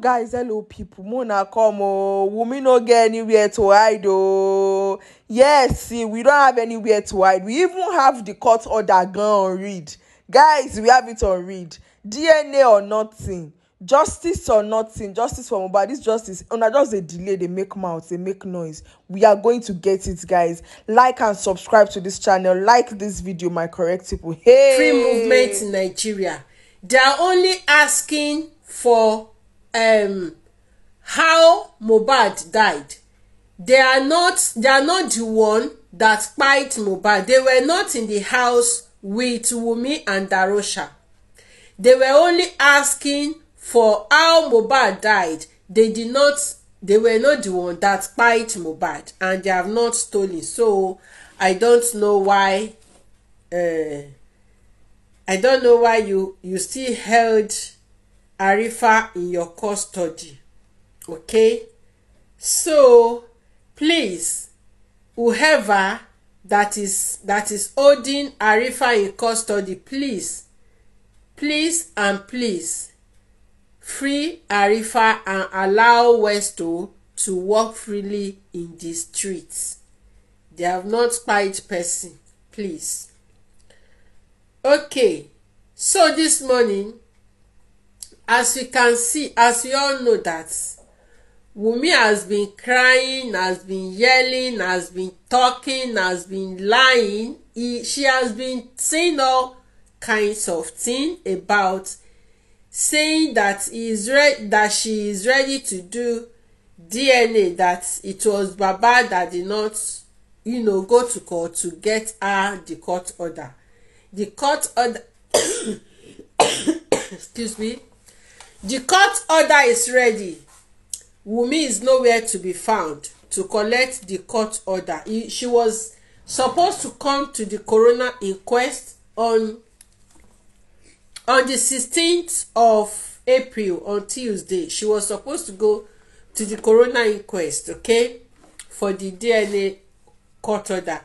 guys hello pipo mona come o wunmi no get anywhere to hide o yes see we don have anywhere to hide we even have the court order gan on read guys we have it on read dna or nothing justice or nothing justice for mohbad this justice una just dey delay dey make mouth dey make noise we are going to get it guys like and subscribe to this channel like this video my correct people hey free movement in nigeria they are only asking for um how Mohbad died. They are not they are not the one that spied Mohbad. They were not in the house with Wumi and Darosha. They were only asking for how Mohbad died. They did not they were not the one that spied Mohbad and they have not stolen. So I don't know why uh, I don't know why you you still held Arifa in your custody. Okay? So, please, whoever that is that is holding Arifa in custody, please, please and please free Arifa and allow Westo to walk freely in the streets. They have not quite person, please. Okay, so this morning As you can see, as we all know that Wunmi has been crying, has been yelling, has been talking, has been lying. He, she has been saying all kinds of things about saying that is re- that she is ready to do DNA that it was Baba that did not you know go to court to get her the court order. The court order excuse me The court order is ready. Wumi is nowhere to be found to collect the court order. He, she was supposed to come to the coroner inquest on on the sixteenth of April on Tuesday. She was supposed to go to the coroner inquest, okay, for the DNA court order.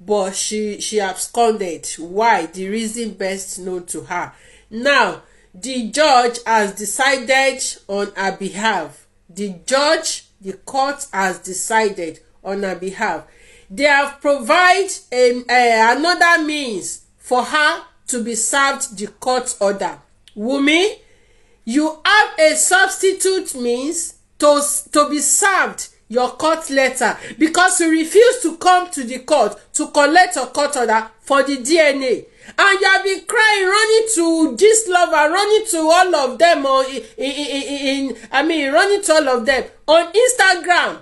But she she absconded. Why? The reason best known to her. Now, The judge has decided on her behalf. The judge, the court has decided on her behalf. They have provided um, uh, another means for her to be served the court order. Wunmi, you have a substitute means to, to be served your court letter because you refuse to come to the court to collect your court order for the DNA and you have been crying running to this lover running to all of them or in in in in, I mean running to all of them on Instagram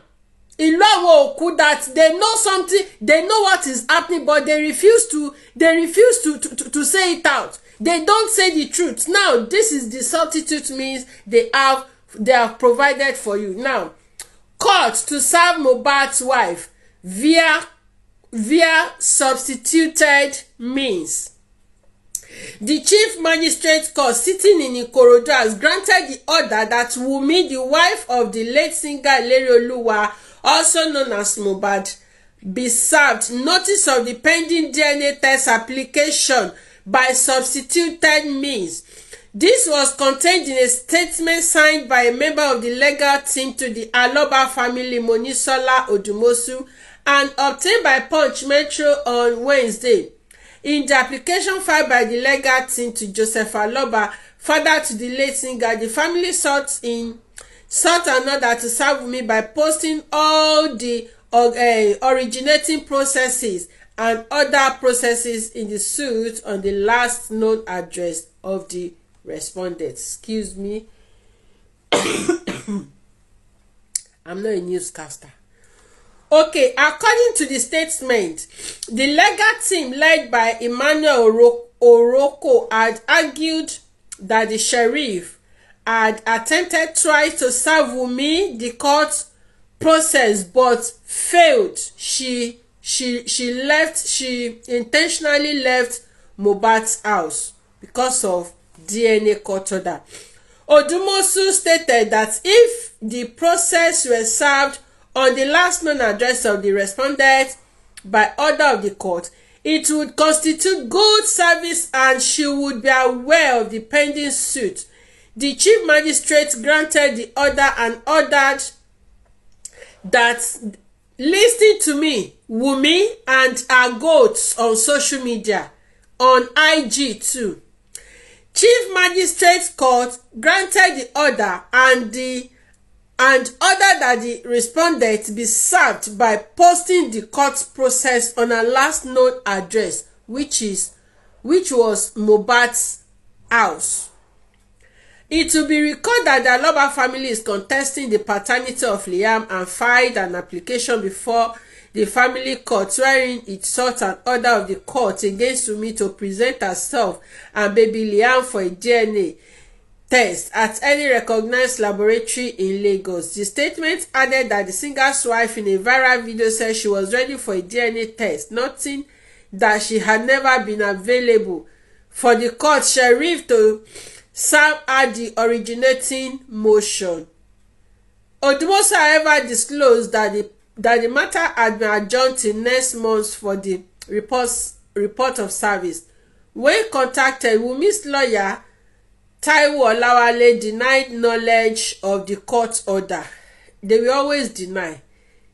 ìlú àwọn òkú that they know something they know what is happening but they refuse to they refuse to to, to, to say it out they don't say the truth now this is the substitute means they have they have provided for you now court to serve Mohbad's wife via via substituted means. The chief magistrate court sitting in Ikorodu has granted the order that Wunmi, the wife of the late singer Ileri Oluwa, also known as Mohbad, be served notice of the pending DNA test application by substituted means. This was contained in a statement signed by a member of the legal team to the Aloba family, Monisola Odumosu, and obtained by Punch Metro on Wednesday. In the application filed by the legal team to Joseph Aloba, father to the late singer, the family sought in sought another to serve me by posting all the uh, eh, originating processes and other processes in the suit on the last known address of the respondent. Excuse me. I'm not a newscaster. Okay, according to the statement, the legal team led by Emmanuel Oro Oroko had argued that the sheriff had attempted try to serve Wunmi the court process but failed. She she she left she intentionally left Mobat's house because of DNA court order. Odumosu stated that if the process were served on the last known address of the respondent by order of the court, it would constitute good service and she would be aware of the pending suit. The chief magistrate granted the order and ordered that listening to me, Wumi, and her goats on social media, on IG too. Chief Magistrate Court granted the order and the and ordered that the respondent be served by posting the court process on her last known address which is which was Mohbad's house. It will be recalled that the Aloba family is contesting the paternity of Liam and filed an application before the family court wherein it sought an order of the court against Wunmi to present herself and baby Liam for a DNA test at any recognized laboratory in Lagos. The statement added that the singer's wife in a viral video said she was ready for a DNA test, noting that she had never been available. For the court, Sheriff to serve at the originating motion. Odumosa, however, disclosed that the, that the matter had been adjourned till next month for the reports, report of service. When contacted, Wumi's lawyer Taiwo Olawale denied knowledge of the court order. They will always deny.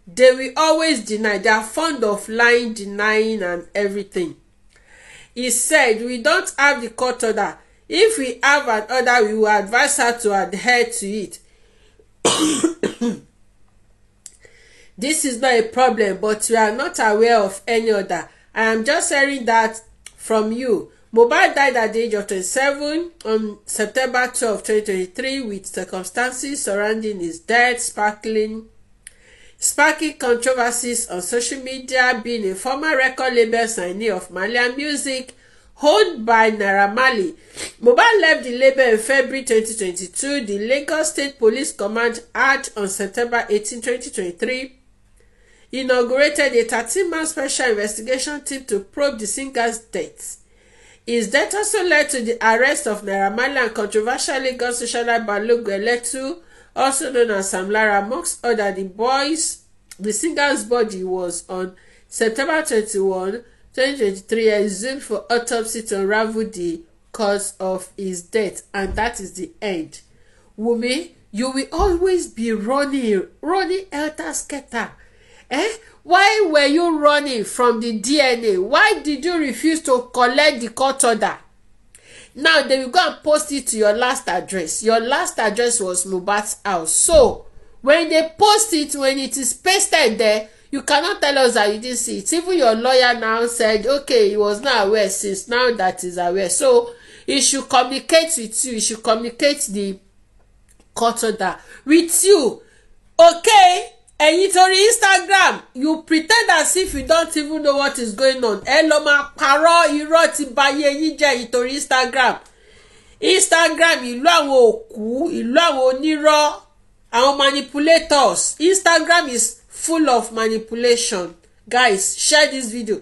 They will always deny. They are fond of lying, denying, and everything. He said, We don't have the court order. If we have an order, we will advise her to adhere to it. This is not a problem, but we are not aware of any order. I am just hearing that from you. Mohbad died at the age of 27 on September 12, 2023, with circumstances surrounding his death sparkling sparking controversies on social media, being a former record label signee of Malian Music owned by Naramali, Marley. Mohbad left the label in February 2022. The Lagos State Police Command had on September 18, 2023 inaugurated a 13-man special investigation team to probe the singer's death. His death also led to the arrest of Naira Marley and controversial Lagos Socialite Balogun Eletu, also known as Sam Larra, amongst other the boys. The singer's body was on September 21, 2023, exhumed for autopsy to unravel the cause of his death, and that is the end. Wunmi, you will always be running, running helter-skelter Eh? Why were you running from the DNA? Why did you refuse to collect the court order? Now they will go and post it to your last address. Your last address was Mohbad's house. So when they post it, when it is pasted there, you cannot tell us that you didn't see it. Even your lawyer now said, okay, he was not aware since now that he's aware. So he should communicate with you. He should communicate the court order with you. Okay? ẹ̀yin torí instagram you pretend as if you don't even know what is going on ẹ lọ máa parọ́ irọ́ ti bayé yín jẹ́ ìtorí instagram instagram ìlú àwọn òkú ìlú àwọn onírọ́ àwọn manipulators instagram is full of manipulation guys share this video